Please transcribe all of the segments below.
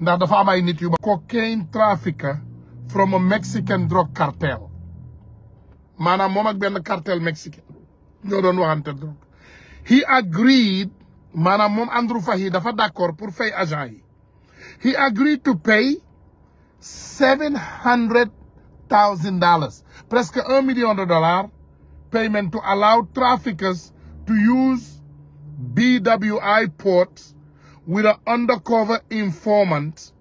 ndax dafa am ay nit yu ma cocaine trafficker from a Mexican drug cartel maanaam moom ak benn cartel mexicain ñoo doon waxante drogue he agreed maanaam moom Andrew Fahy dafa d'accord pour fay agent yi he agreed to pay seven hundred thousand dollars presque un million de dollars payment to allow traffickers to use BWI ports with an undercover informant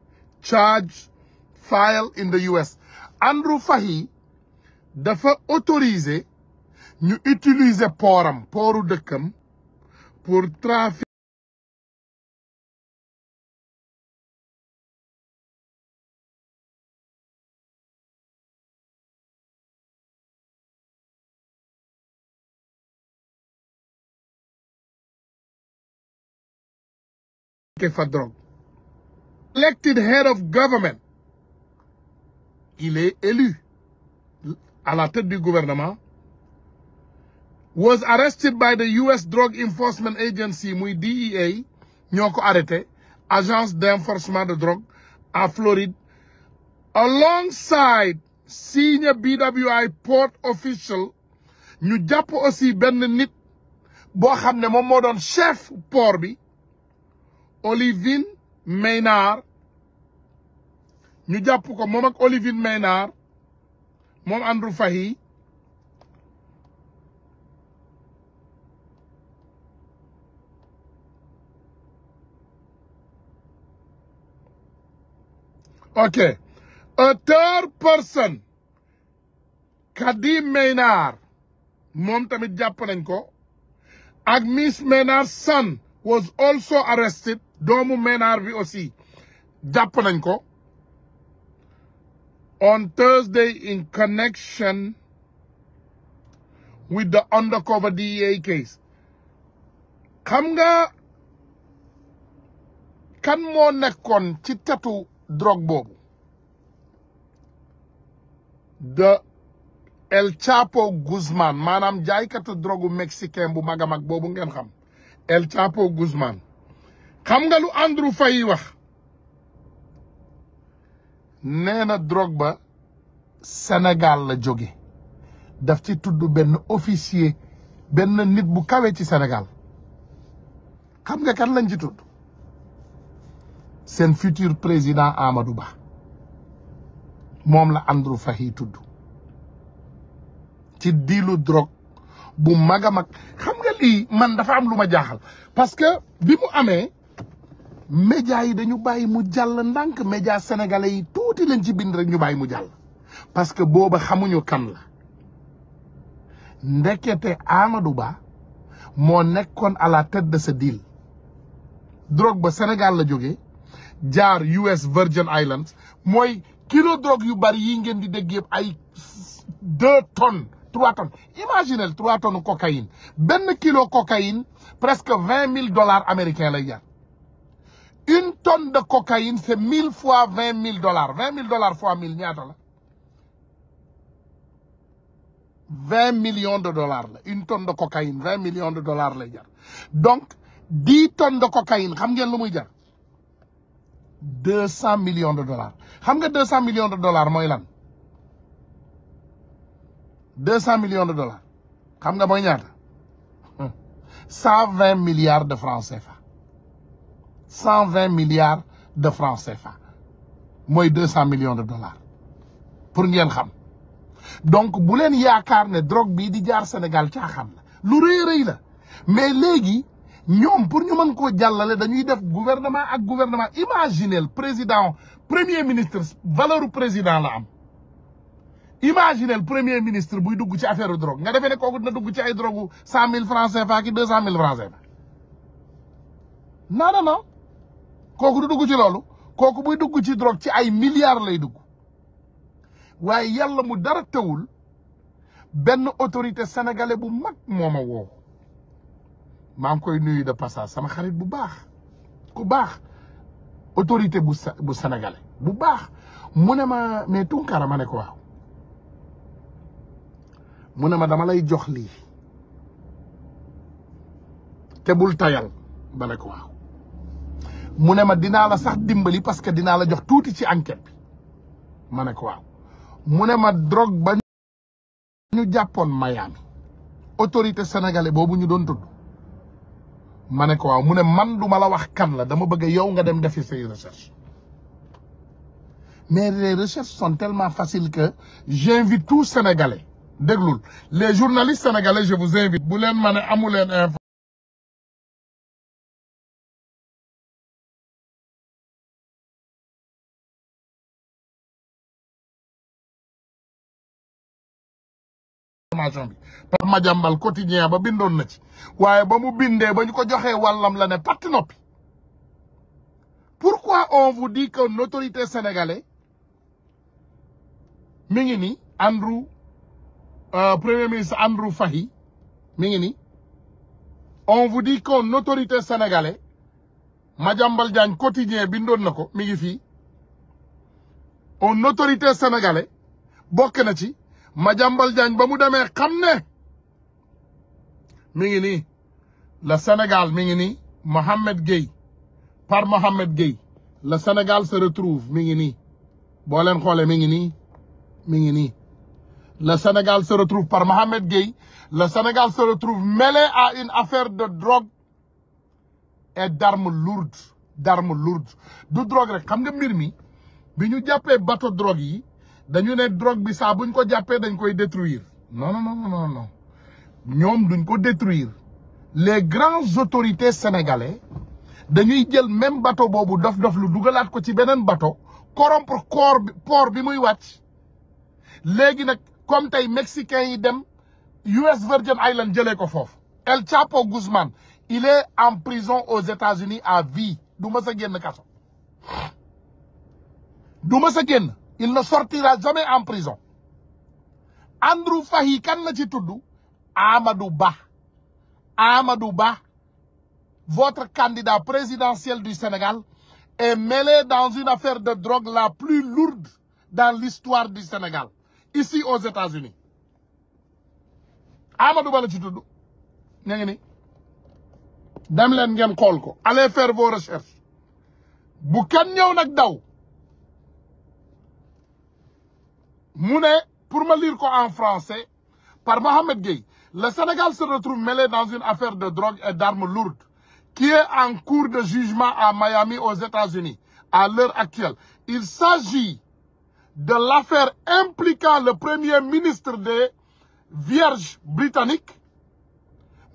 charge filed in the US Andrew Fahy dafa autorisé ñu utiliser pooram pooru dëkkam pour trafic fa head of government il est élu à la tête du gouvernement was arrested by the US Drug Enforcement Agency muy DEA ñoo ko arrêté agence d'enforcement de drogue à Floride alongside senior BWI port official ñu jàpp aussi benn nit boo xam ne moom moo doon chef port bi Olivine Maynard ñu jàpp ko moom ak Olivine Maynard moom Andrew Fahy ok a third person Kadi Maynard moom tamit jàpp nañ ko ak Miss Maynard's son was also arrested doomu Ménard bi aussi jàpp nañ ko on Thursday in connection with the undercover DEA case xam nga kan moo nekkoon ci tetu drogue boobu de El Chapo Guzman maanaam jaaykatu drogu mexicain bu mag a mag boobu ngeen xam El Chapo Guzman xam nga lu Andrew Faye wax nee na ba senegal la jóge daf ci tudd benn officier benn nit bu kawe ci senegal xam nga kan lañ ci tudd seen futur président Amadou Ba moom la Andrew Faye tudd ci diilu drogue bu mag a mag xam nga lii man dafa am lu ma jaaxal parce que bi mu amee média yi dañu bàyyi mu jàll ndànk média sénégalais yi tuuti lañ ci bind rek ñu bàyyi mu jàll parce que booba xamuñu kan la ndekete Amadou Ba moo nekkoon à la tête de ce deal drogue ba Sénégal la jógee jaar US Virgin Islands mooy kilo drogue yu bari yi ngeen di dégg ay deux tonnes trois tonnes imaginez trois tonnes cocaïne benn kilo cocaïne presque vingt mille dollars américains lay jar une tonne de cocaïne c'est mille fois vingt mille dollars vingt mille dollars fois mille ñaata la million millions de dollars la une tonne de cocaïne vingt millions de dollars lay jar donc dix tonnes de cocaïne xam ngeen lu muy jar deux cent million de dollars xam nga deux cent millions de dollars mooy lan deux cent million de dollars xam nga mooy ñaata cent vingt milliards de francs cent vingt milliards de francs CFA mooy deux cent millions de dollars pour ngeen xam donc bu leen yaakaar ne drogue bii di jaar Sénégal caaxaan la lu rëy rëy la mais léegi ñoom pour ñu mën koo jàllale dañuy def gouvernement ak gouvernement imaginez le président premier ministre valeur président la am imaginez le premier ministre buy dugg ci u drogue nga defee ne kooku dina dugg ci ay drogue cent mille francs CFA ki deux cent mille francs CFA non kooku du dugg ci loolu kooku buy dugg ci drogue ci ay milliards lay dugg waaye yàlla mu dara tawul benn autorité sénégalais bu mag moo ma woo maa ngi koy nuyu de passage sama xarit bu baax ku baax autorité bu bu sénégalais bu baax mu ne ma mais Tunkara ma ne ko waaw mu ne ma dama lay jox lii te bul tayal ba ne ko waaw mu ne ma dinaa la sax dimbali parce que dinaa la jox tuuti ci enquête bi ma ne ko waaw mu ne ma drogue ba ñu jàppoon Miami autorité sénégalais boobu ñu doon tudd ma ne ko waaw mu ne man du ma la wax kan la dama bëgg yow nga dem defi say recherche mais les recherches sont tellement faciles que j'invite tout sénégalais déglul les journalistes sénégalais je vous invite bu leen ma ne amu leen information bi Pape Madiambal quotidien ba bindoon na ci waaye ba mu bindee ba ñu ko joxee wàllam la ne patt noppi pourquoi on vous dit que l'autorité sénégalaise mi ngi ni Andrew euh, premier ministre Andrew Fahy mi ngi ni onvou vous dit que l'autorité sénégalaise Madiambal Diagne quotidien bindoon na ko mi ngi fii on autorité sénégalaise bokk na ci ma Madiambal Diagne ba mu demee xam ne mi ngi nii le Sénégal mi ngi nii Mohamed Gueye par Mohamed Gueye la senegal se retrouve mi ngi nii boo leen xoolee mi ngi nii mi ngi nii le Sénégal se par Mohamed Gueye la Sénégal se retrouve mêlé à une affaire de drogue et d'armes lourdes d'armes lourdes du drogue rek xam nga mbir mi bi ñu jàppee bateau drogue yi dañu ne drogue bi saa buñ ko jàppee dañ koy détruire non non non non non ñoom duñ ko détruire les grandes autorités sénégalais dañuy jël même bateau boobu dof-dof lu dugalaat ko ci beneen bateau corrompre corps bi muy wàcc léegi nag comme tey mexicains yi dem US Virgin Island jëlee ko foofu. El Chapo Guzman il est en prison aux États-Unis à vie du ma sa génn kaso du ma sa génn. il ne sortira jamais en prison Andrew Fahi kan la ci tudd Amadou Ba Amadou Ba votre candidat présidentiel du Sénégal est mêlé dans une affaire de drogue la plus lourde dans l'histoire du Sénégal ici aux États-Unis Amadou Ba la ci tudd ña ngi ni dem leen ngeen xool ko allez faire vos recherches bu kenn ñëw nag daw mu ne pour ma lire ko en français par Mohamed Gueye le Sénégal se retrouve mêlé dans une affaire de drogue et d'armes lourdes qui est en cours de jugement à Miami aux États-Unis à l'heure actuelle il s'agit de l'affaire impliquant le premier ministre des Vierges britanniques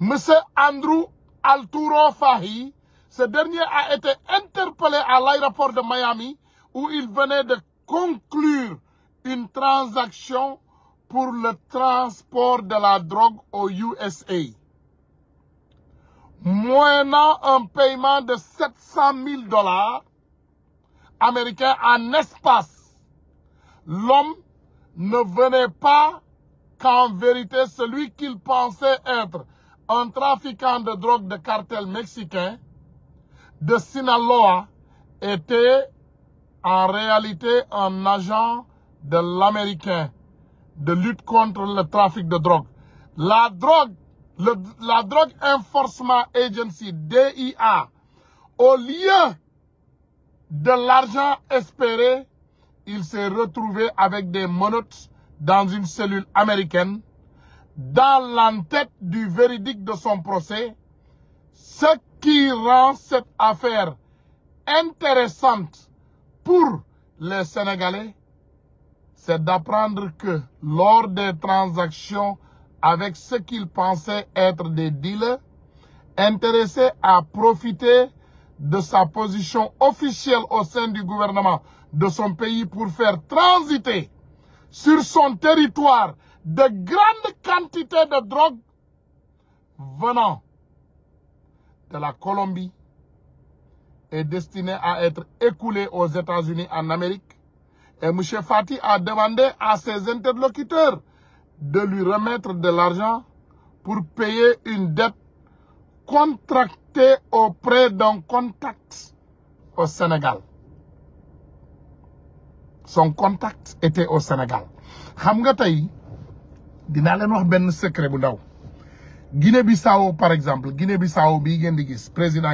monsieur Andrew Alturo Fahy ce dernier a été interpellé à l'aéroport de Miami où il venait de conclure une transaction pour le transport de la drogue aux USA. Moyennant un paiement de 700 000 dollars américains en espace, l'homme ne venait pas qu'en vérité celui qu'il pensait être un trafiquant de drogue de cartel mexicain de Sinaloa était en réalité un agent de l'américain de lutte contre le trafic de drogue la drogue le, la Drug Enforcement Agency DIA au lieu de l'argent espéré il s'est retrouvé avec des menottes dans une cellule américaine dans l'entête du verdict de son procès ce qui rend cette affaire intéressante pour les Sénégalais c'est d'apprendre que lors des transactions avec ce qu'ils pensaient être des dealers, intéressés à profiter de sa position officielle au sein du gouvernement de son pays pour faire transiter sur son territoire de grandes quantités de drogue venant de la Colombie et destinée à être écoulée aux États-Unis en Amérique Et M. Fati a demandé à ses interlocuteurs de lui remettre de l'argent pour payer une dette contractée auprès d'un contact au Sénégal. Son contact était au Sénégal. xam nga tey dinaa leen wax benn secret bu ndaw Guinée-Bissau par exemple Guinée-Bissau bii ngeen di gis président